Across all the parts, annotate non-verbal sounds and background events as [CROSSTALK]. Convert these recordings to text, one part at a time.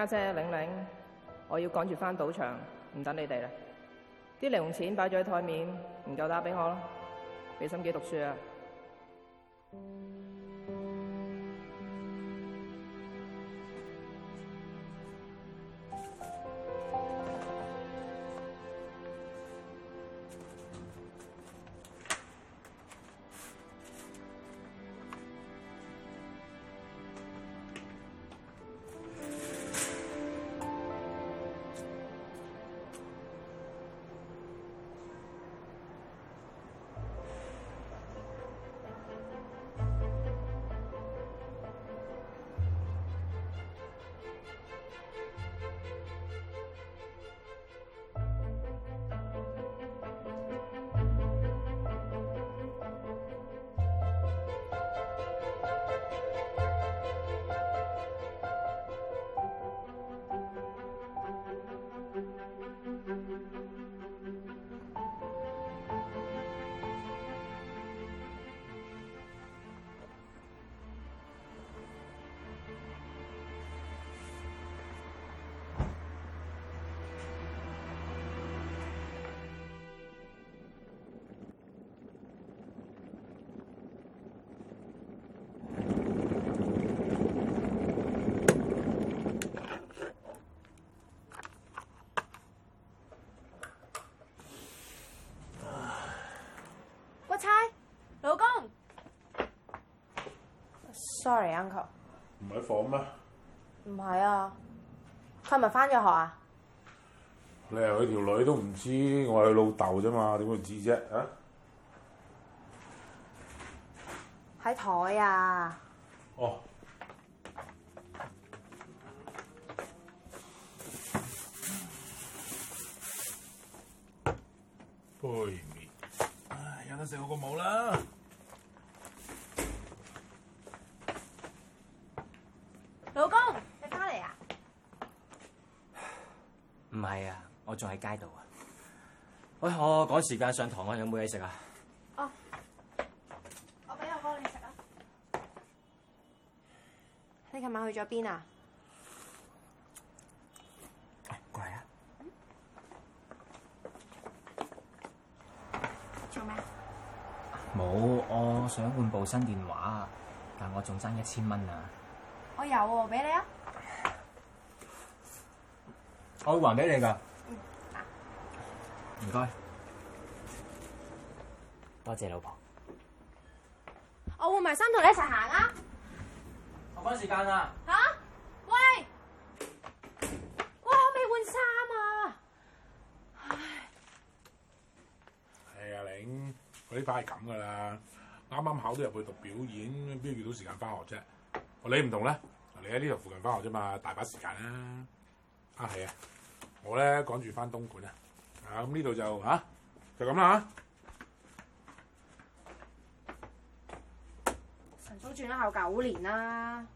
家姐，玲玲，我要趕住翻賭場，唔等你哋啦。啲零用錢擺咗喺台面，唔夠打俾我咯，俾心機讀書啊！Sorry uncle，唔喺房咩？唔係啊，佢係咪翻咗學啊？你係佢條女都唔知，我係佢老豆啫嘛，點會知啫？啊！喺台啊。哦。杯麵，唉，有得食好過冇啦。唔係啊，我仲喺街度啊！喂、哎，我趕時間上堂啊，有冇嘢食啊？哦，我俾阿哥你食啊。你琴晚去咗邊啊？過嚟啊！嗯、做咩？冇，我想換部新電話，但我仲爭一千蚊啊！我有喎，俾你啊！我會還俾你噶，唔該、啊，謝謝多謝老婆。我換埋衫同你一齊行啊！我趕時間啊！吓？喂，我未唔換衫啊？唉，係阿、啊、玲，我呢排係咁噶啦。啱啱考咗入去讀表演，邊約到時間翻學啫？你唔同啦，你喺呢度附近翻學啫嘛，大把時間啦。啊，係啊！我呢趕住返東莞啊！啊，咁呢度就嚇、啊、就咁啦嚇。神、啊、叔轉咗後九年啦。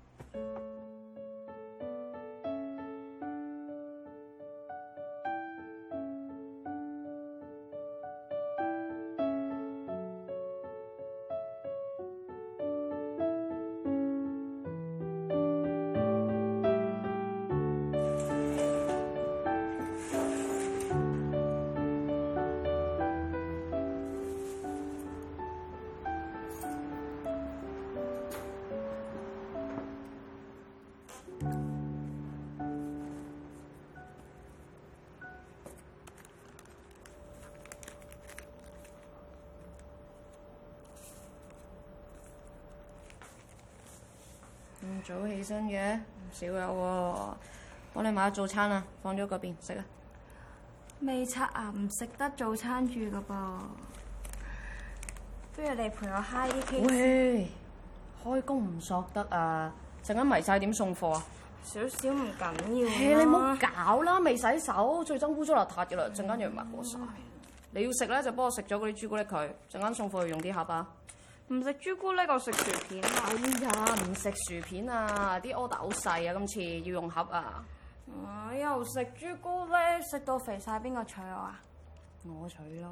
早起身嘅，唔少有、啊，幫你買咗早餐啦，放咗嗰邊食啦。未拆啊，唔食得早餐住噶噃。不如你陪我 high 啲傾偈。喂，開工唔索得啊！陣間迷晒點送貨啊？少少唔緊要、哎、你唔好搞啦，未洗手，最憎污糟邋遢嘅啦，陣間又唔係好晒。啊、你要食咧就幫我食咗嗰啲朱古力佢，陣間送貨去用啲盒啊。唔食朱古力，我食薯片。哎呀，唔食薯片啊，啲 order 好細啊，今次要用盒啊！哎呀，食朱古力食到肥晒，邊個娶我啊？我娶咯，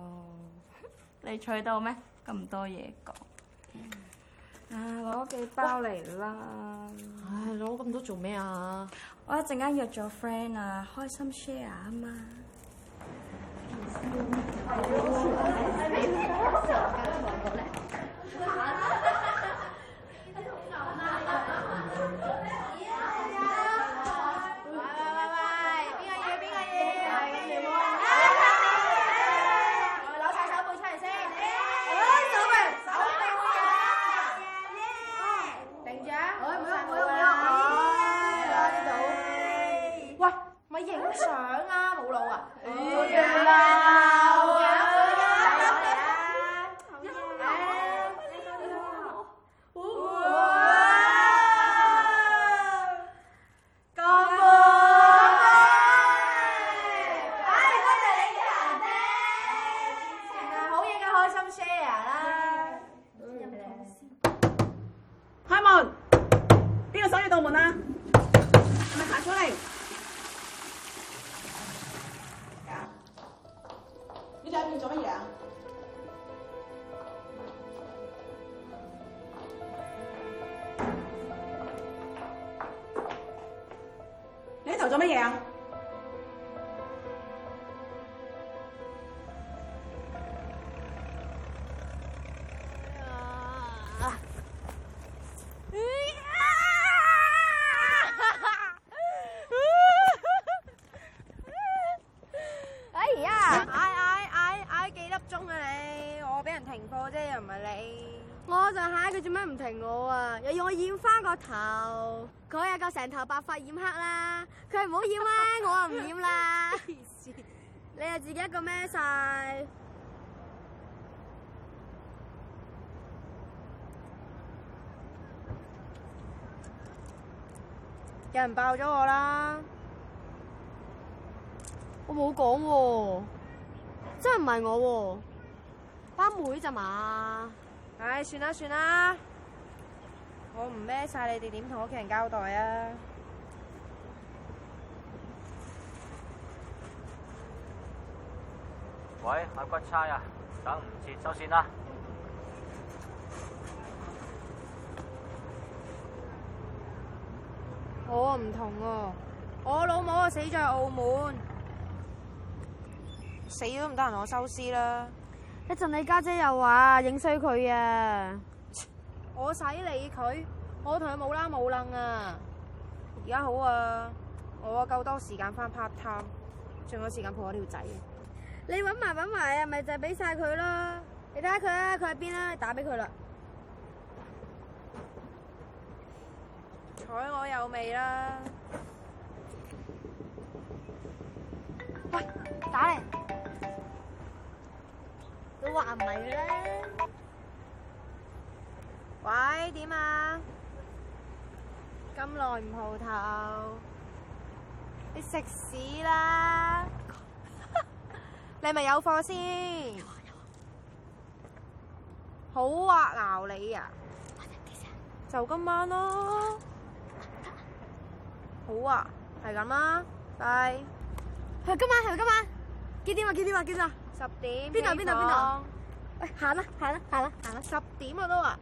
[LAUGHS] 你娶到咩？咁多嘢講，啊攞幾包嚟啦！唉，攞咁多做咩啊？我一陣間約咗 friend 啊，開心 share 啊嘛。一個孭晒，有人爆咗我啦！我冇講喎，真係唔係我喎、啊，班妹咋嘛？唉、哎，算啦算啦，我唔孭晒你哋，點同屋企人交代啊？喂，買骨差啊，等唔切收線啦。我唔同喎啊，我老母啊死咗喺澳門，死都唔得人我姐姐、啊我。我收屍啦。一陣你家姐又話影衰佢啊，我使理佢，我同佢冇拉冇楞啊。而家好啊，我啊夠多時間翻 part time，仲有時間陪我條仔。你搵埋搵埋啊，咪就係俾晒佢咯。你睇下佢啊，佢喺邊啦？打俾佢啦。睬我有味啦！喂，打嚟都話唔係咧。喂，點啊？咁耐唔蒲頭，你食屎啦！你係咪有貨先，啊啊啊，好啊，鬧你啊，啊，就今晚咯，啊，好啊，係咁啦，拜，係今晚係、咪、今晚，幾點啊？幾點啊？幾點啊？哎、十點，邊度邊度邊度？喂，行啦行啦行啦行啦，十點啊都啊！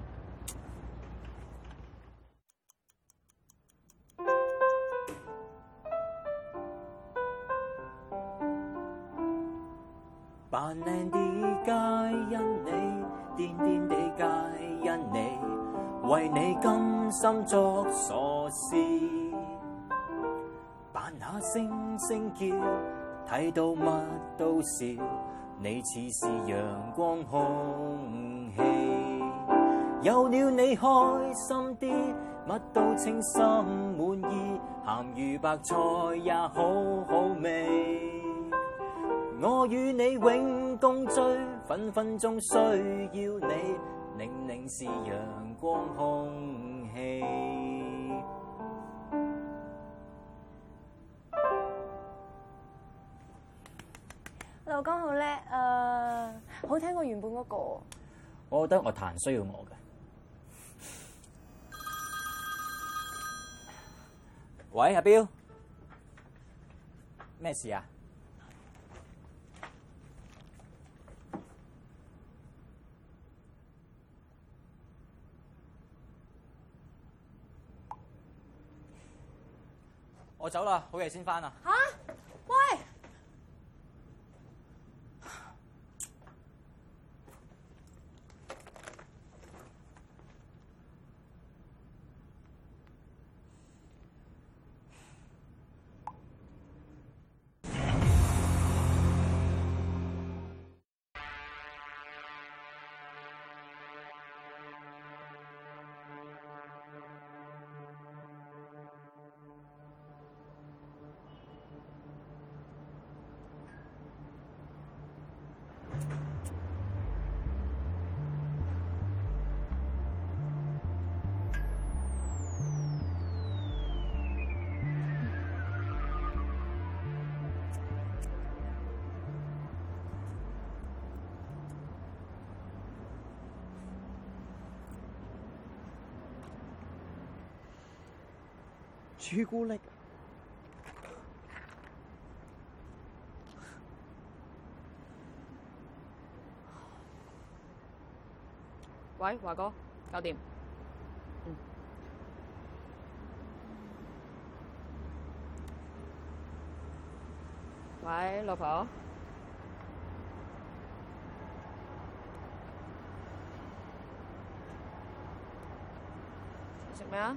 心作傻事，扮下星星叫，睇到乜都笑，你似是陽光空氣，有了你開心啲，乜都稱心滿意，鹹魚白菜也好好味，我與你永共聚，分分鐘需要你，寧寧是陽光空氣。老公好叻啊，好聽過原本嗰個。我覺得我彈需要我嘅。 [LAUGHS] 喂，阿彪，咩事啊？我走啦，好嘢先翻啊！吓、啊。朱古力。喂，華哥，搞掂。嗯。喂，老婆。食咩啊？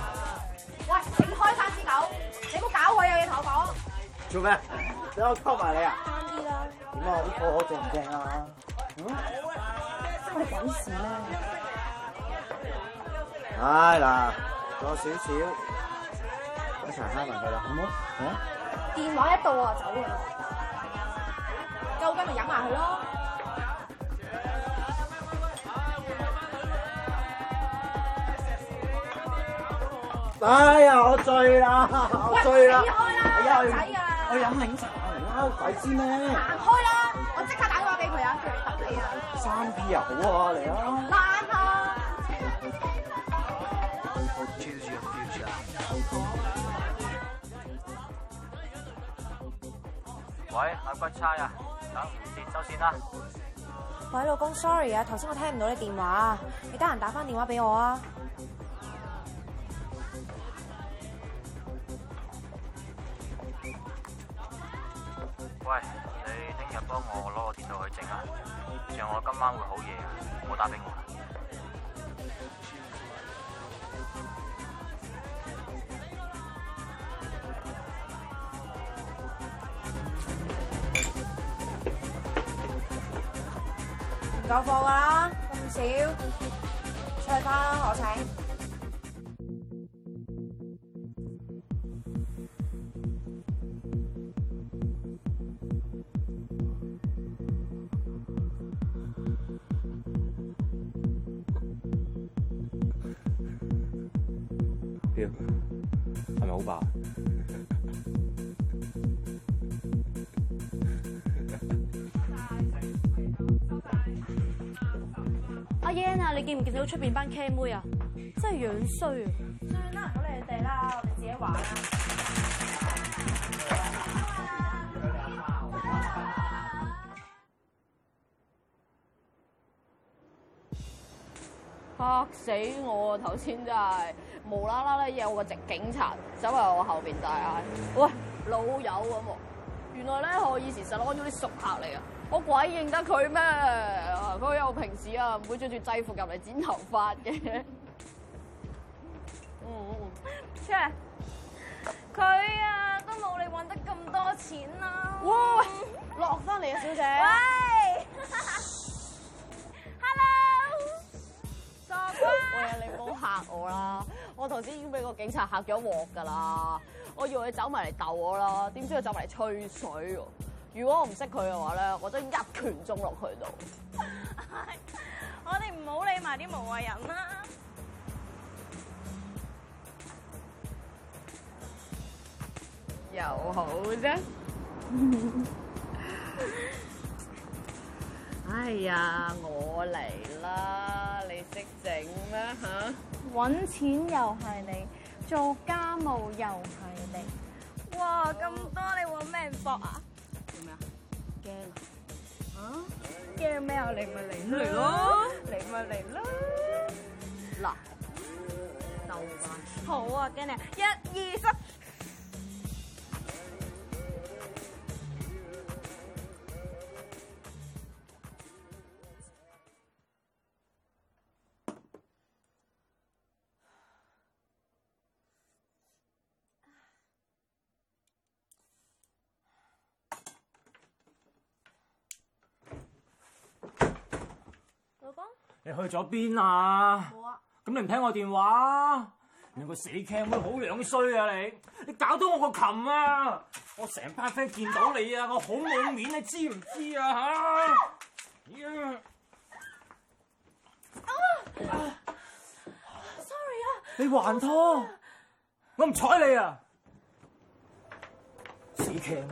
你開三支狗，你冇搞我有嘢同我講。做咩？等我溝埋你啊？慳啲啦。點啊？啲貨好正唔正啊？點啊？好啊！乜鬼事啊？哎嗱，多少少，我查下咪得啦，好唔好？吓？電話一到啊，走啦！夠斤咪飲埋佢咯。哎呀！我醉啦，我醉啦！快、哎、開啦，唔使我飲檸茶嚟啦，抵先咩？開啦！我即刻打電話俾佢啊，佢等你啊。三、哎、呀 P 又好啊，嚟啊！難啊！喂，阿骨差呀，等，等先收線啦。喂，老公，sorry 啊，頭先我聽唔到你電話，你得閒打翻電話俾我啊。幫我攞個電腦去整啊！仲有我今晚會好夜啊，唔好打俾我啦。唔夠貨㗎啦，咁少，出去翻啦，我請。耶啊！你見唔見到出邊班 c 妹啊？真係樣衰啊！算啦，唔好理你哋啦，我哋自己玩啦。嚇死我！啊！頭先真係無啦啦咧有個直警察走喺我後邊大嗌，喂，老友，咁原來咧我以前實安咗啲熟客嚟啊！我鬼認得佢咩？佢、啊、又平時啊唔會着住制服入嚟剪頭髮嘅。嗯 [LAUGHS] 嗯、哦，出、哦、嚟！佢啊都冇你揾得咁多錢啦。哇！落翻嚟啊，小姐。喂，Hello，莎莎。 [LAUGHS] Hello 喂，你唔好嚇我啦！我頭先已經俾個警察嚇咗鑊㗎啦！我以為你走埋嚟逗我啦，點知佢走埋嚟吹水喎。如果我唔識佢嘅話咧，我都一拳中落去度。我哋唔好理埋啲無謂人啦。又好啫。哎呀，我嚟啦！你識整啦？嚇？揾錢又係你，做家務又係你。哇！咁多你會咩搏啊？驚啦，吓？驚咩啊？嚟咪嚟，嚟咯，嚟咪嚟咯。嗱，就好啊，驚你一、二、三。你去咗邊啊？咁我 你唔聽我電話？你個死 cam 好樣衰啊！你你搞到我個琴啊！我成班 friend 見到你啊，我好冇面，你知唔知啊？吓、啊！呀！啊！Sorry 啊！你還拖？我唔睬你啊！死 cam！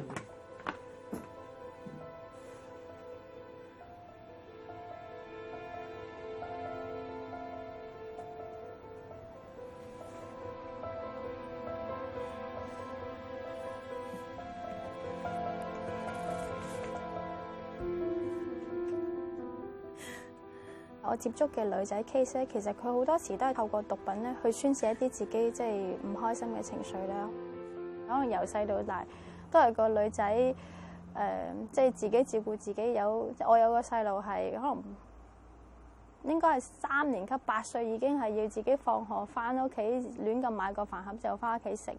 我接觸嘅女仔 case 咧，其實佢好多時都係透過毒品咧去宣泄一啲自己即係唔開心嘅情緒啦。可能由細到大都係個女仔誒，即係自己照顧自己有。我有個細路係可能應該係三年級，八歲已經係要自己放學翻屋企亂咁買個飯盒就翻屋企食。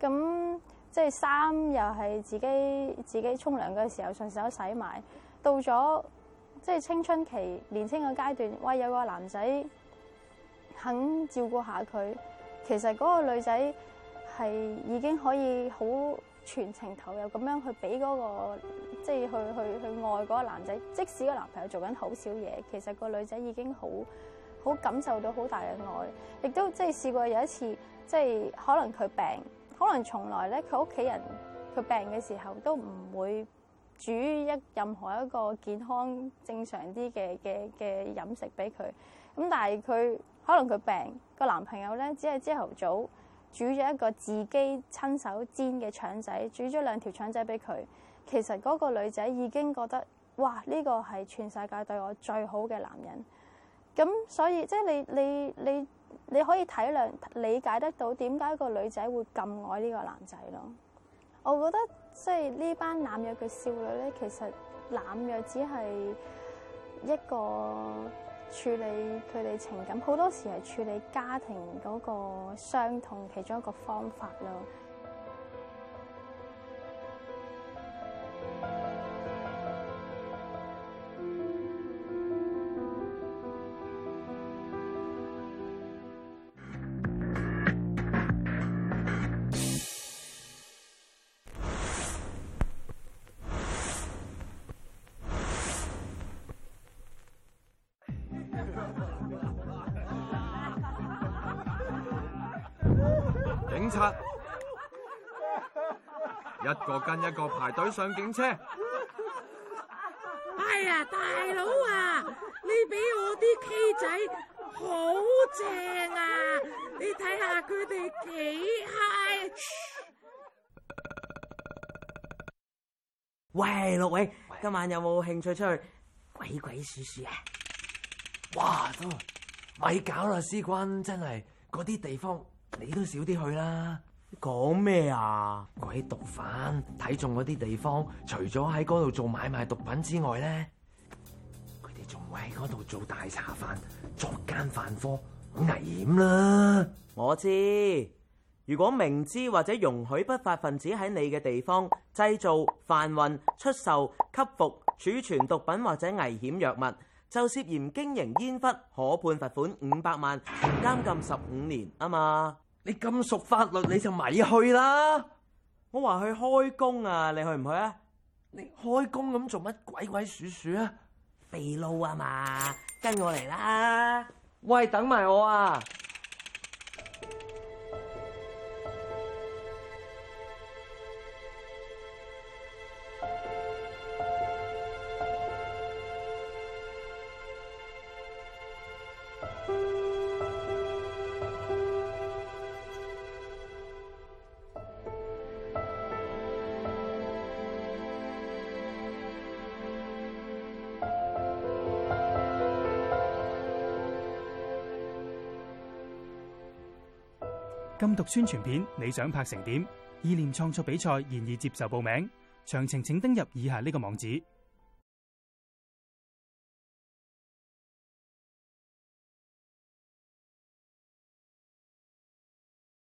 咁即係衫又係自己自己沖涼嘅時候順手洗埋，到咗。即係青春期年青嘅階段，喂，有個男仔肯照顧下佢，其實嗰個女仔係已經可以好全程投入咁樣去俾嗰個，即係去去去愛嗰個男仔。即使個男朋友做緊好少嘢，其實個女仔已經好好感受到好大嘅愛，亦都即係試過有一次，即係可能佢病，可能從來咧佢屋企人佢病嘅時候都唔會。煮一，任何一個健康正常啲嘅嘅嘅飲食俾佢，咁但係佢可能佢病，個男朋友咧，只係朝頭早煮咗一個自己親手煎嘅腸仔，煮咗兩條腸仔俾佢。其實嗰個女仔已經覺得哇，呢個係全世界對我最好嘅男人。咁所以即係你你你你可以體諒理解得到點解個女仔會咁愛呢個男仔咯。我覺得即係呢班濫藥嘅少女咧，其實濫藥只係一個處理佢哋情感，好多時係處理家庭嗰個傷痛其中一個方法咯。警察， [LAUGHS] 一個跟一個排隊上警車。哎呀，大佬啊，你俾我啲 K 仔好正啊！你睇下佢哋幾嗨！喂，六位，喂今晚有冇興趣出去鬼鬼祟祟啊？ [LAUGHS] 哇，都咪搞啦，思君真係嗰啲地方。你都少啲去啦！講咩啊？鬼毒販睇中嗰啲地方，除咗喺嗰度做買賣毒品之外呢，佢哋仲會喺嗰度做大茶飯、作奸犯科，好危險啦！我知，如果明知或者容許不法分子喺你嘅地方製造、販運、出售、吸服、儲存毒品或者危險藥物。就涉嫌經營煙忽，可判罰款五百萬，監禁十五年啊嘛！你咁熟法律，你就咪去啦！我話去開工啊，你去唔去啊？你開工咁做乜鬼鬼祟祟啊？肥佬啊嘛，跟我嚟啦！喂，等埋我啊！禁毒宣傳片你想拍成點？意念創作比賽現已接受報名，詳情請登入以下呢個網址。